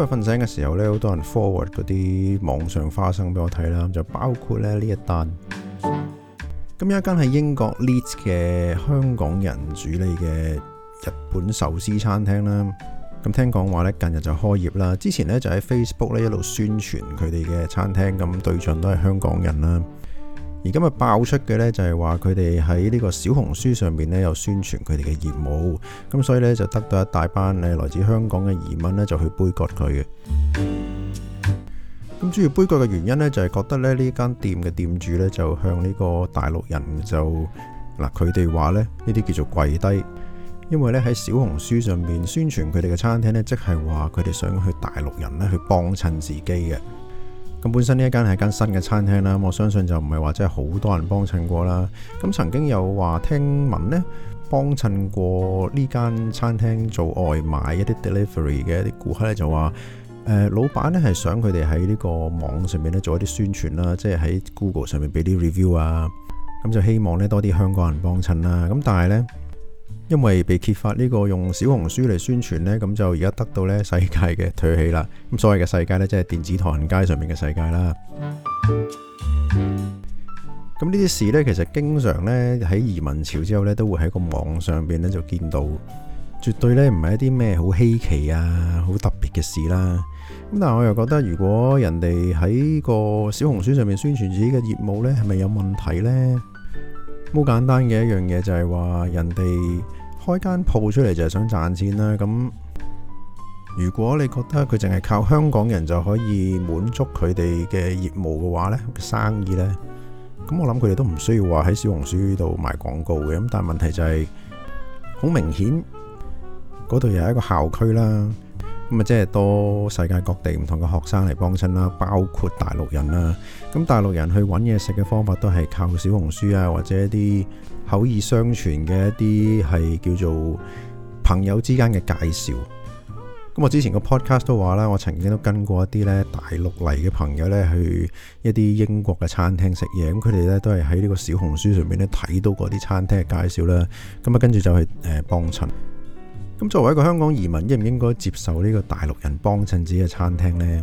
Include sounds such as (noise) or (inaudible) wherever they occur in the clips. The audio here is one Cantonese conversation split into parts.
今日瞓醒嘅時候咧，好多人 forward 嗰啲網上花生俾我睇啦，就包括咧呢一單。咁有一間喺英國 Leeds 嘅香港人主理嘅日本壽司餐廳啦。咁聽講話咧，近日就開業啦。之前咧就喺 Facebook 咧一路宣傳佢哋嘅餐廳，咁對象都係香港人啦。而今日爆出嘅呢，就係話佢哋喺呢個小紅書上面呢有宣傳佢哋嘅業務，咁所以呢，就得到一大班誒來自香港嘅移民呢就去杯葛佢嘅。咁主要杯葛嘅原因呢，就係覺得呢呢間店嘅店主呢，就向呢個大陸人就嗱佢哋話呢，呢啲叫做跪低，因為呢喺小紅書上面宣傳佢哋嘅餐廳呢，即係話佢哋想去大陸人呢去幫襯自己嘅。咁本身呢一間係間新嘅餐廳啦，我相信就唔係話真係好多人幫襯過啦。咁曾經有話聽聞呢幫襯過呢間餐廳做外賣一啲 delivery 嘅一啲顧客呢就話，誒老闆呢係想佢哋喺呢個網上面呢做一啲宣傳啦，即係喺 Google 上面俾啲 review 啊，咁就希望呢多啲香港人幫襯啦。咁但係呢。因為被揭發呢個用小紅書嚟宣傳呢，咁就而家得到呢世界嘅唾棄啦。咁所謂嘅世界呢，即係電子唐人街上面嘅世界啦。咁呢啲事呢，其實經常呢喺移民潮之後呢，都會喺個網上邊呢就見到，絕對呢，唔係一啲咩好稀奇啊、好特別嘅事啦。咁但係我又覺得，如果人哋喺個小紅書上面宣傳自己嘅業務呢，係咪有問題呢？好簡單嘅一樣嘢就係話，人哋開間鋪出嚟就係想賺錢啦。咁如果你覺得佢淨係靠香港人就可以滿足佢哋嘅業務嘅話呢，生意呢，咁我諗佢哋都唔需要話喺小紅書度賣廣告嘅。咁但係問題就係好明顯，嗰度又係一個校區啦。咁啊，即係多世界各地唔同嘅學生嚟幫襯啦，包括大陸人啦。咁大陸人去揾嘢食嘅方法都係靠小紅書啊，或者一啲口耳相傳嘅一啲係叫做朋友之間嘅介紹。咁我之前個 podcast 都話啦，我曾經都跟過一啲呢大陸嚟嘅朋友呢去一啲英國嘅餐廳食嘢，咁佢哋呢都係喺呢個小紅書上面呢睇到嗰啲餐廳嘅介紹啦。咁啊，跟住就去誒幫襯。咁作為一個香港移民，應唔應該接受呢個大陸人幫襯自己嘅餐廳呢？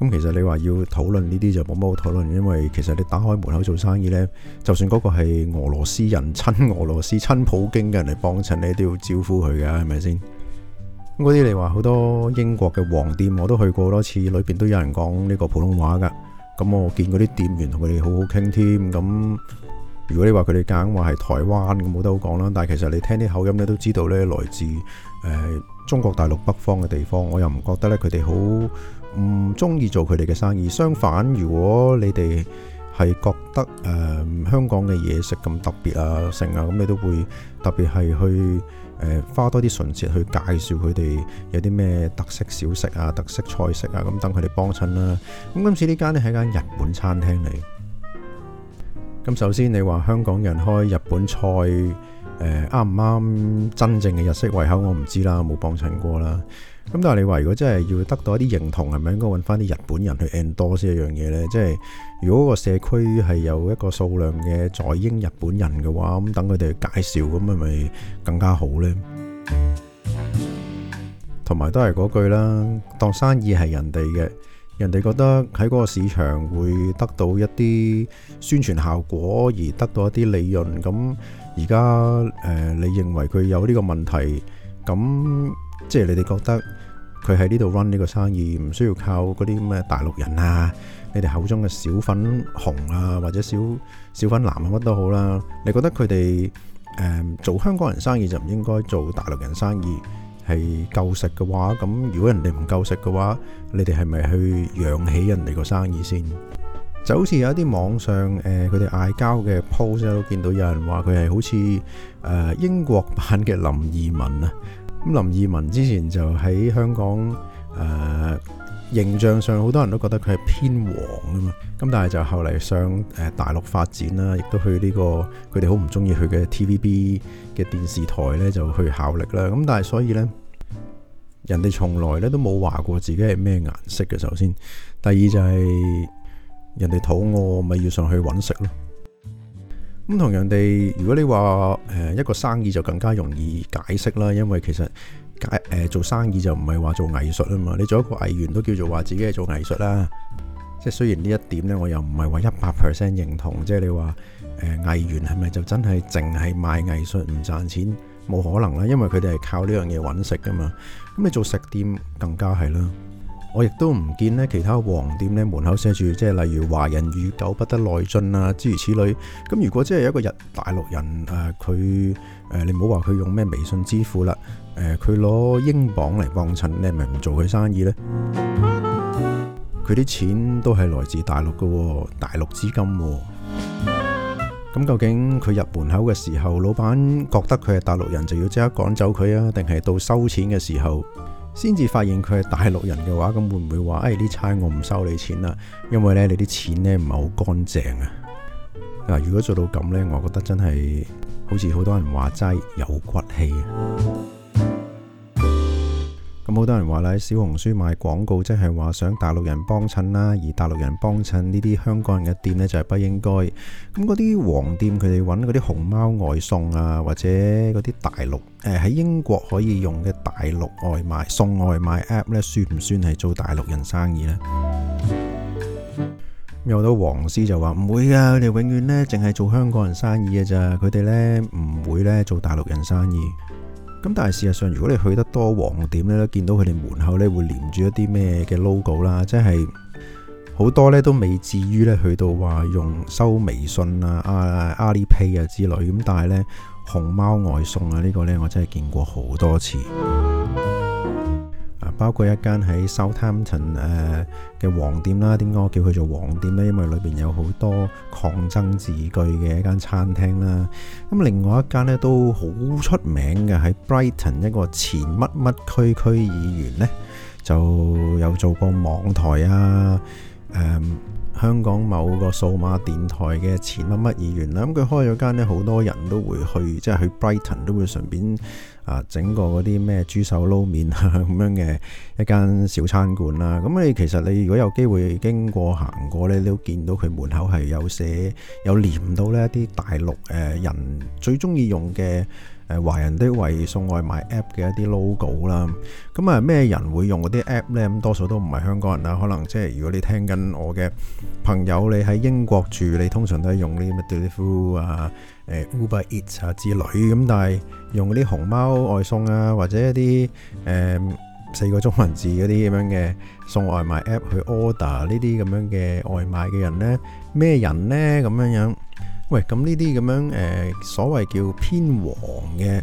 咁其實你話要討論呢啲就冇乜好討論，因為其實你打開門口做生意呢，就算嗰個係俄羅斯人、親俄羅斯、親普京嘅人嚟幫襯，你都要招呼佢㗎，係咪先？嗰啲你話好多英國嘅黃店，我都去過好多次，裏邊都有人講呢個普通話㗎。咁我見嗰啲店員同佢哋好好傾添咁。如果你話佢哋揀話係台灣咁冇得好講啦，但係其實你聽啲口音你都知道呢來自誒、呃、中國大陸北方嘅地方，我又唔覺得呢佢哋好唔中意做佢哋嘅生意。相反，如果你哋係覺得誒、呃、香港嘅嘢食咁特別啊、盛啊，咁你都會特別係去、呃、花多啲唇舌去介紹佢哋有啲咩特色小食啊、特色菜式啊，咁等佢哋幫襯啦。咁今次呢間咧係間日本餐廳嚟。咁首先你話香港人開日本菜，誒，啱唔啱真正嘅日式胃口我唔知啦，冇幫襯過啦。咁但係你話如果真係要得到一啲認同，係咪應該搵翻啲日本人去 endorse 一樣嘢呢？即係如果個社區係有一個數量嘅在英日本人嘅話，咁等佢哋介紹，咁係咪更加好呢？同埋都係嗰句啦，當生意係人哋嘅。人哋覺得喺嗰個市場會得到一啲宣傳效果，而得到一啲利潤。咁而家誒，你認為佢有呢個問題？咁即係你哋覺得佢喺呢度 run 呢個生意，唔需要靠嗰啲咩大陸人啊？你哋口中嘅小粉紅啊，或者小小粉藍啊，乜都好啦、啊。你覺得佢哋誒做香港人生意就唔應該做大陸人生意？係夠食嘅話，咁如果人哋唔夠食嘅話，你哋係咪去養起人哋個生意先？就好似有一啲網上誒，佢哋嗌交嘅 post 都見到有人話佢係好似誒英國版嘅林義文啊。咁林義文之前就喺香港誒。形象上，好多人都覺得佢係偏黃啊嘛。咁但係就後嚟上誒大陸發展啦，亦都去呢個佢哋好唔中意去嘅 TVB 嘅電視台呢，就去效力啦。咁但係所以呢，人哋從來咧都冇話過自己係咩顏色嘅。首先，第二就係人哋肚餓，咪要上去揾食咯。咁同人哋，如果你話誒一個生意就更加容易解釋啦，因為其實。誒，做生意就唔係話做藝術啊嘛，你做一個藝員都叫做話自己係做藝術啦。即雖然呢一點呢，我又唔係話一百 percent 認同，即係你話誒，呃、藝員係咪就真係淨係賣藝術唔賺錢？冇可能啦，因為佢哋係靠呢樣嘢揾食噶嘛。咁你做食店更加係啦。我亦都唔見咧，其他黃店咧門口寫住，即係例如華人與狗不得內進啊，諸如此類。咁如果真係有一個日大陸人，誒佢誒你唔好話佢用咩微信支付啦，佢、呃、攞英鎊嚟幫襯，你係咪唔做佢生意呢？佢啲錢都係來自大陸㗎喎，大陸資金喎。咁究竟佢入門口嘅時候，老闆覺得佢係大陸人，就要即刻趕走佢啊？定係到收錢嘅時候？先至發現佢係大陸人嘅話，咁會唔會話，誒，呢餐我唔收你錢啦，因為咧你啲錢咧唔係好乾淨啊。嗱，如果做到咁呢，我覺得真係好似好多人話齋有骨氣啊。有好多人話咧，喺小紅書賣廣告，即係話想大陸人幫襯啦，而大陸人幫襯呢啲香港人嘅店呢，就係不應該。咁嗰啲黃店，佢哋揾嗰啲熊貓外送啊，或者嗰啲大陸，誒喺英國可以用嘅大陸外賣送外賣 app 呢，算唔算係做大陸人生意呢？ (music) 有好多黃絲就話唔會噶，佢哋永遠呢淨係做香港人生意嘅咋，佢哋呢唔會呢做大陸人生意。咁但係事實上，如果你去得多黃店呢，見到佢哋門口呢會連住一啲咩嘅 logo 啦，即係好多呢都未至於呢去到話用收微信啊、啊、阿里 pay 啊之類，咁但係呢，「紅貓外送」啊呢個呢，我真係見過好多次。包括一間喺 Southampton 嘅黃店啦，點解我叫佢做黃店呢？因為裏邊有好多抗爭字句嘅一間餐廳啦。咁另外一間呢，都好出名嘅，喺 Brighton 一個前乜乜區區議員呢，就有做過網台啊，誒、嗯、香港某個數碼電台嘅前乜乜議員啦。咁佢開咗間呢，好多人都會去，即係去 Brighton 都會順便。啊！整個嗰啲咩豬手撈麵啊咁樣嘅一間小餐館啦，咁你其實你如果有機會經過行過呢，你都見到佢門口係有寫有黏到呢一啲大陸誒人最中意用嘅。係華人的為送外賣 APP 嘅一啲 logo 啦，咁啊咩人會用嗰啲 APP 咧？咁多數都唔係香港人啦，可能即係如果你聽緊我嘅朋友，你喺英國住，你通常都係用啲咩 Deliveroo 啊、誒 Uber Eats 啊之類，咁但係用嗰啲熊貓外送啊，或者一啲誒四個中文字嗰啲咁樣嘅送外賣 APP 去 order 呢啲咁樣嘅外賣嘅人咧，咩人咧？咁樣樣。喂，咁呢啲咁樣誒，所謂叫偏黃嘅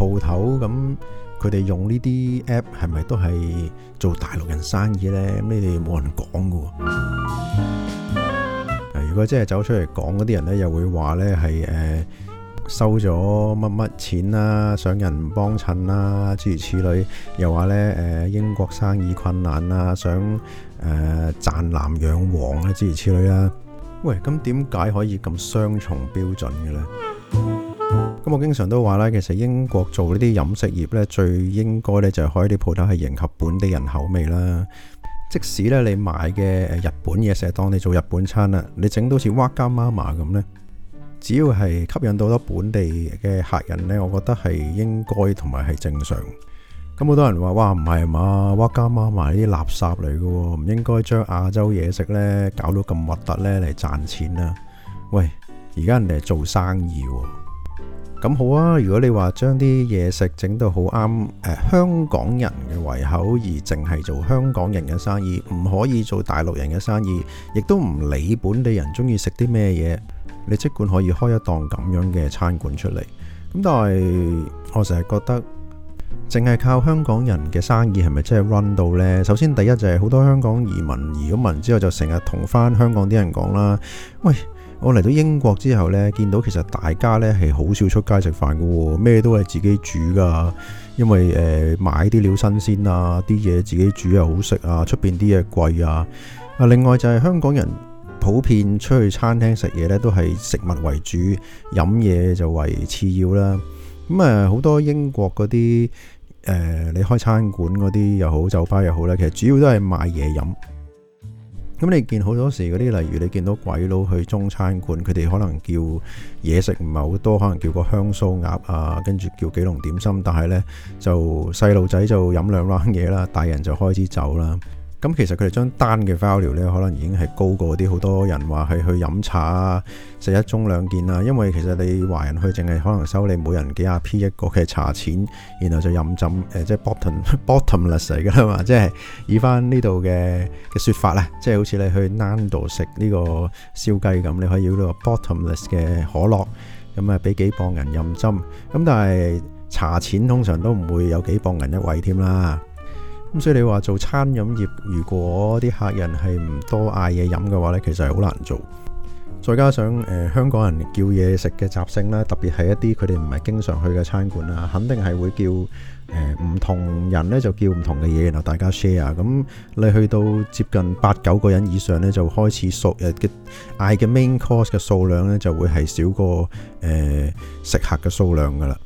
鋪頭，咁佢哋用呢啲 app 係咪都係做大陸人生意呢？咁你哋冇人講噶？如果真係走出嚟講嗰啲人呢，又會話呢係誒收咗乜乜錢啦，想人幫襯啦，諸如此類；又話呢誒英國生意困難啦，想誒賺藍養黃啊，諸如此類啦。喂，咁點解可以咁雙重標準嘅呢？咁我經常都話啦，其實英國做呢啲飲食業呢，最應該呢就係開啲鋪頭係迎合本地人口味啦。即使呢，你買嘅日本嘢食，當你做日本餐啦，你整到似哇家媽媽咁呢，只要係吸引到多本地嘅客人呢，我覺得係應該同埋係正常。咁好多人話，哇，唔係嘛，哇家孖埋啲垃圾嚟嘅，唔應該將亞洲嘢食呢搞到咁核突呢嚟賺錢啊！喂，而家人哋係做生意喎。咁好啊！如果你話將啲嘢食整到好啱誒香港人嘅胃口，而淨係做香港人嘅生意，唔可以做大陸人嘅生意，亦都唔理本地人鍾意食啲咩嘢，你即管可以開一檔咁樣嘅餐館出嚟。咁但係我成日覺得。淨係靠香港人嘅生意係咪真係 run 到呢？首先第一就係好多香港移民移咗民之後就成日同翻香港啲人講啦。喂，我嚟到英國之後呢，見到其實大家呢係好少出街食飯噶，咩都係自己煮噶。因為誒、呃、買啲料新鮮啊，啲嘢自己煮又好食啊，出邊啲嘢貴啊。啊，另外就係香港人普遍出去餐廳食嘢呢，都係食物為主，飲嘢就為次要啦。咁誒好多英國嗰啲誒，你開餐館嗰啲又好，酒吧又好咧，其實主要都係賣嘢飲。咁你見好多時嗰啲，例如你見到鬼佬去中餐館，佢哋可能叫嘢食唔係好多，可能叫個香酥鴨啊，跟住叫幾籠點心，但係呢就細路仔就飲兩 round 嘢啦，大人就開支酒啦。咁其實佢哋張單嘅 value 咧，可能已經係高過啲好多人話係去，去飲茶啊、食一盅兩件啊。因為其實你華人去淨係可能收你每人幾廿 p 一個嘅茶錢，然後就任斟，誒、呃就是 bottom, (laughs) 即係 bottom bottomless 嚟噶啦嘛。即係以返呢度嘅嘅説法啦，即係好似你去 Nando 食呢個燒雞咁，你可以要呢個 bottomless 嘅可樂，咁啊俾幾磅銀任斟。咁但係茶錢通常都唔會有幾磅銀一位添啦。咁所以你話做餐飲業，如果啲客人係唔多嗌嘢飲嘅話呢，其實係好難做。再加上誒、呃、香港人叫嘢食嘅習性啦，特別係一啲佢哋唔係經常去嘅餐館啊，肯定係會叫誒唔、呃、同人呢，就叫唔同嘅嘢，然後大家 share。咁你去到接近八九個人以上呢，就開始數誒嗌嘅 main course 嘅數量呢，就會係少過誒、呃、食客嘅數量噶啦。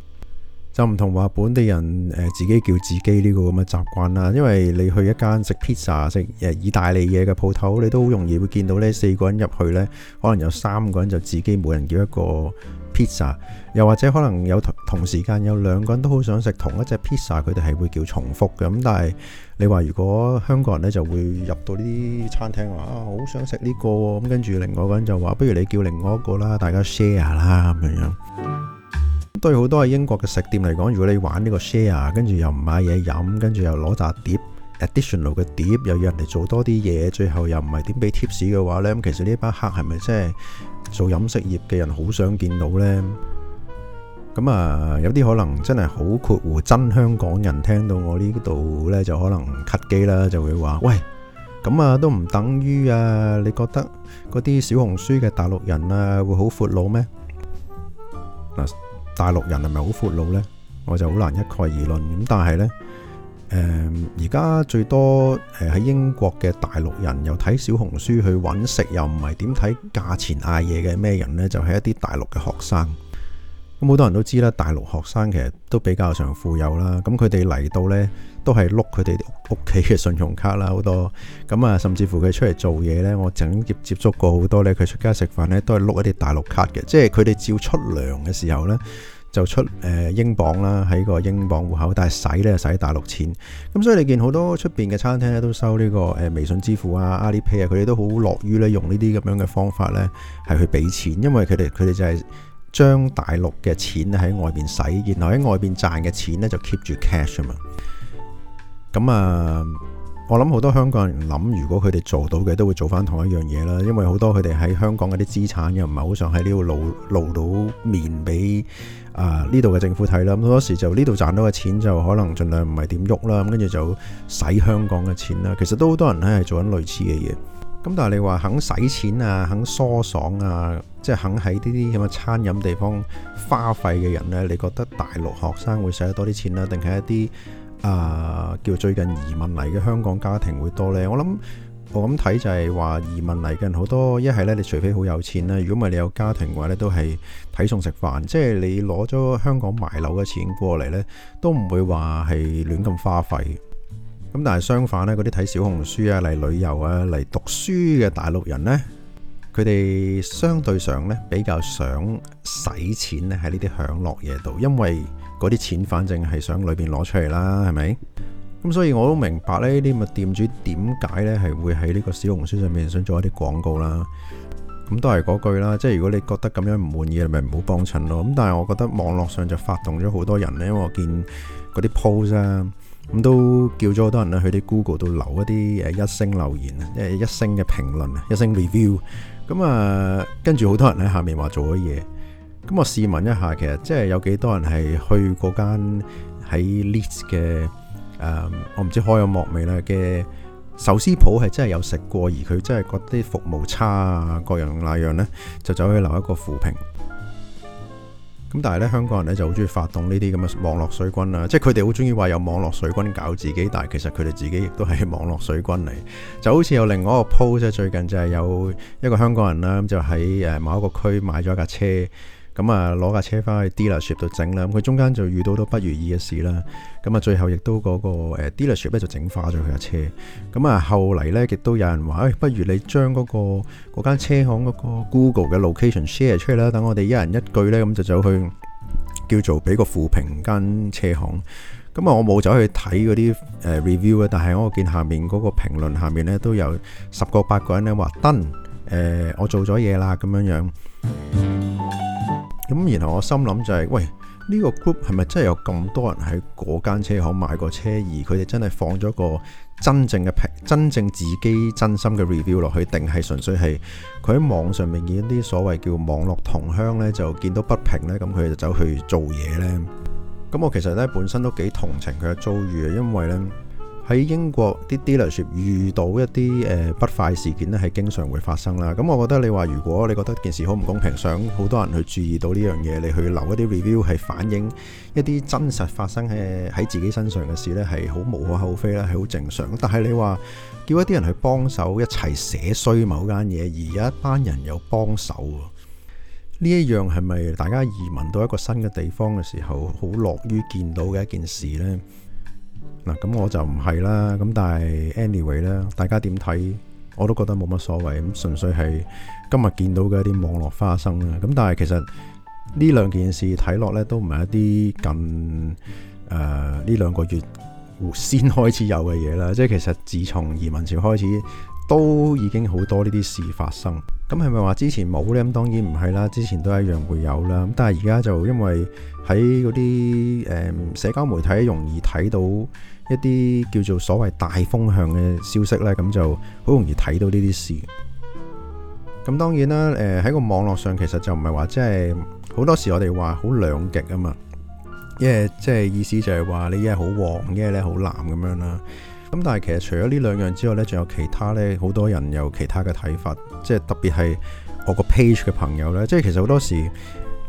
就唔同話本地人誒自己叫自己呢個咁嘅習慣啦，因為你去一間食 pizza 食誒意大利嘢嘅鋪頭，你都好容易會見到呢，四個人入去呢，可能有三個人就自己每人叫一個 pizza，又或者可能有同時間有兩個人都好想食同一隻 pizza，佢哋係會叫重複嘅。咁但係你話如果香港人呢就會入到呢啲餐廳話啊好想食呢個咁，跟住另外一個人就話不如你叫另外一個啦，大家 share 啦咁樣。對好多喺英國嘅食店嚟講，如果你玩呢個 share，跟住又唔買嘢飲，跟住又攞扎碟 additional 嘅碟，又要人哋做多啲嘢，最後又唔係點俾 tips 嘅話咧，咁其實呢班客係咪真係做飲食業嘅人好想見到咧？咁啊，有啲可能真係好闊胡，真香港人聽到我呢度咧就可能 cut 機啦，就會話：喂，咁啊都唔等於啊？你覺得嗰啲小紅書嘅大陸人啊會好闊佬咩？嗱。大陸人係咪好闊佬呢？我就好難一概而論咁，但係呢，誒而家最多誒喺英國嘅大陸人，又睇小紅書去揾食，又唔係點睇價錢嗌嘢嘅咩人呢？就係一啲大陸嘅學生。咁好多人都知啦，大陸學生其實都比較常富有啦。咁佢哋嚟到呢，都係碌佢哋屋企嘅信用卡啦，好多。咁啊，甚至乎佢出嚟做嘢呢，我成日接接觸過好多呢。佢出街食飯呢，都係碌一啲大陸卡嘅。即係佢哋照出糧嘅時候呢，就出誒英鎊啦，喺個英鎊戶口，但係使呢，使大陸錢。咁所以你見好多出邊嘅餐廳咧，都收呢個誒微信支付啊、阿里 pay 啊，佢哋、啊、啊、都好樂於呢，用呢啲咁樣嘅方法呢，係去俾錢，因為佢哋佢哋就係、是。將大陸嘅錢喺外邊使，然後喺外邊賺嘅錢呢，就 keep 住 cash 啊嘛。咁啊，我諗好多香港人諗，如果佢哋做到嘅，都會做翻同一樣嘢啦。因為好多佢哋喺香港嗰啲資產又唔係好想喺呢度露露到面俾啊呢度嘅政府睇啦。咁好多時就呢度賺到嘅錢就可能盡量唔係點喐啦。咁跟住就使香港嘅錢啦。其實都好多人喺係做緊類似嘅嘢。咁但係你話肯使錢啊，肯疏爽啊？即係肯喺呢啲咁嘅餐飲地方花費嘅人呢，你覺得大陸學生會使得多啲錢啦，定係一啲啊、呃、叫最近移民嚟嘅香港家庭會多呢？我諗我咁睇就係話移民嚟嘅人好多，一係呢，你除非好有錢啦，如果唔係你有家庭嘅話呢，都係睇餸食飯，即係你攞咗香港買樓嘅錢過嚟呢，都唔會話係亂咁花費。咁但係相反呢，嗰啲睇小紅書啊、嚟旅遊啊、嚟讀書嘅大陸人呢。佢哋相對上咧比較想使錢咧喺呢啲享樂嘢度，因為嗰啲錢反正係想裏邊攞出嚟啦，係咪？咁所以我都明白咧呢啲咁嘅店主點解咧係會喺呢個小紅書上面想做一啲廣告啦。咁都係嗰句啦，即係如果你覺得咁樣唔滿意，咪唔好幫襯咯。咁但係我覺得網絡上就發動咗好多人咧，因為我見嗰啲 post 啊，咁都叫咗好多人去啲 Google 度留一啲誒一星留言啊，一星嘅評論啊，一星 review。咁、嗯、啊，跟住好多人喺下面話做咗嘢。咁我試問一下，其實即係有幾多人係去嗰間喺 list 嘅誒？我唔知開咗幕未啦。嘅壽司鋪係真係有食過，而佢真係覺得服務差啊，各樣那樣呢，就走去留一個負評。咁但係咧，香港人咧就好中意發動呢啲咁嘅網絡水軍啊，即係佢哋好中意話有網絡水軍搞自己，但係其實佢哋自己亦都係網絡水軍嚟，就好似有另外一個 post 咧，最近就係有一個香港人啦，咁就喺誒某一個區買咗一架車。咁啊，攞架車返去 dealership 度整啦。咁佢中間就遇到咗不如意嘅事啦。咁啊，最後亦都嗰個誒 dealership 咧就整花咗佢架車。咁啊，後嚟呢，亦都有人話，誒、哎，不如你將嗰、那個嗰間車行嗰個 Google 嘅 location share 出嚟啦，等我哋一人一句呢。」咁就走去叫做俾個負評間車行。咁啊，我冇走去睇嗰啲誒 review 咧，但係我見下面嗰個評論下面呢，都有十個八個人呢話，登誒，我做咗嘢啦，咁樣樣。咁然後我心諗就係，喂，呢個 group 係咪真係有咁多人喺嗰間車行買過車，而佢哋真係放咗個真正嘅平、真正自己真心嘅 review 落去，定係純粹係佢喺網上面見啲所謂叫網絡同鄉呢，就見到不平呢，咁佢就走去做嘢呢。咁我其實呢，本身都幾同情佢嘅遭遇呀，因為呢。喺英國啲 dealership 遇到一啲誒不快事件咧，係經常會發生啦。咁我覺得你話如果你覺得件事好唔公平，想好多人去注意到呢樣嘢，你去留一啲 review 係反映一啲真實發生喺喺自己身上嘅事呢，係好無可厚非啦，係好正常。但係你話叫一啲人去幫手一齊寫衰某間嘢，而有一班人又幫手喎，呢一樣係咪大家移民到一個新嘅地方嘅時候，好樂於見到嘅一件事呢？嗱咁我就唔係啦，咁但係 anyway 咧，大家點睇？我都覺得冇乜所謂，咁純粹係今日見到嘅一啲網絡花生啦。咁但係其實呢兩件事睇落咧，都唔係一啲近誒呢兩個月先開始有嘅嘢啦。即係其實自從移民潮開始，都已經好多呢啲事發生。咁係咪話之前冇呢？咁當然唔係啦，之前都一樣會有啦。咁但係而家就因為喺嗰啲誒社交媒體容易睇到。一啲叫做所謂大風向嘅消息呢，咁就好容易睇到呢啲事。咁當然啦，誒喺個網絡上，其實就唔係話即係好多時我哋話好兩極啊嘛。因為即係意思就係話，你一係好黃，一係咧好藍咁樣啦。咁但係其實除咗呢兩樣之外呢，仲有其他呢，好多人有其他嘅睇法。即係特別係我個 page 嘅朋友呢，即係其實好多時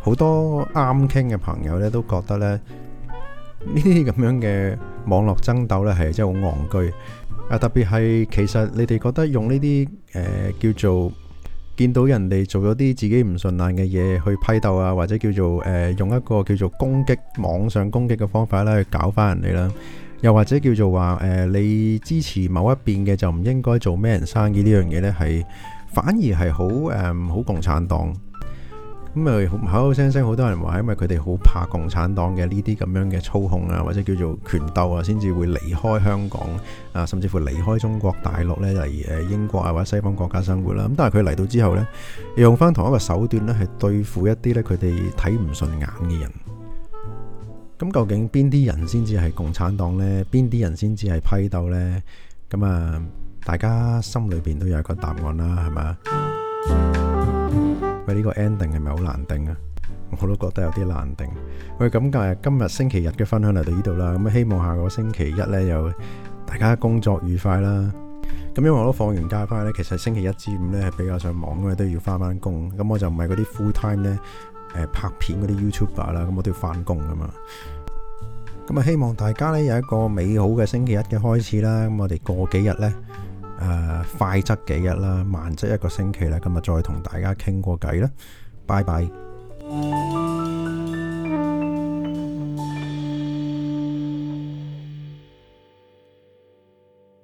好多啱傾嘅朋友呢，都覺得咧，呢啲咁樣嘅。網絡爭鬥咧係真係好戇居啊！特別係其實你哋覺得用呢啲誒叫做見到人哋做咗啲自己唔順眼嘅嘢去批鬥啊，或者叫做誒用一個叫做攻擊網上攻擊嘅方法咧去搞翻人哋啦，又或者叫做話誒你支持某一邊嘅就唔應該做咩人生意呢樣嘢咧，係反而係好誒好共產黨。咁啊，口口聲聲好多人話，因為佢哋好怕共產黨嘅呢啲咁樣嘅操控啊，或者叫做權鬥啊，先至會離開香港啊，甚至乎離開中國大陸呢，例如誒英國啊或者西方國家生活啦。咁但係佢嚟到之後呢，用翻同一個手段呢，係對付一啲呢，佢哋睇唔順眼嘅人。咁究竟邊啲人先至係共產黨呢？邊啲人先至係批鬥呢？咁啊，大家心裏邊都有一個答案啦，係咪？喂，呢個 ending 係咪好難定啊？我都覺得有啲難定。喂，咁今日今日星期日嘅分享嚟到呢度啦。咁希望下個星期一咧，又大家工作愉快啦。咁因為我都放完假翻咧，其實星期一至五咧係比較上網，因為都要翻翻工。咁我就唔係嗰啲 full time 咧，誒拍片嗰啲 YouTuber 啦。咁我都要翻工噶嘛。咁啊，希望大家咧有一個美好嘅星期一嘅開始啦。咁我哋過幾日咧。誒、啊、快則幾日啦，慢則一個星期啦，今日再同大家傾過偈啦，拜拜。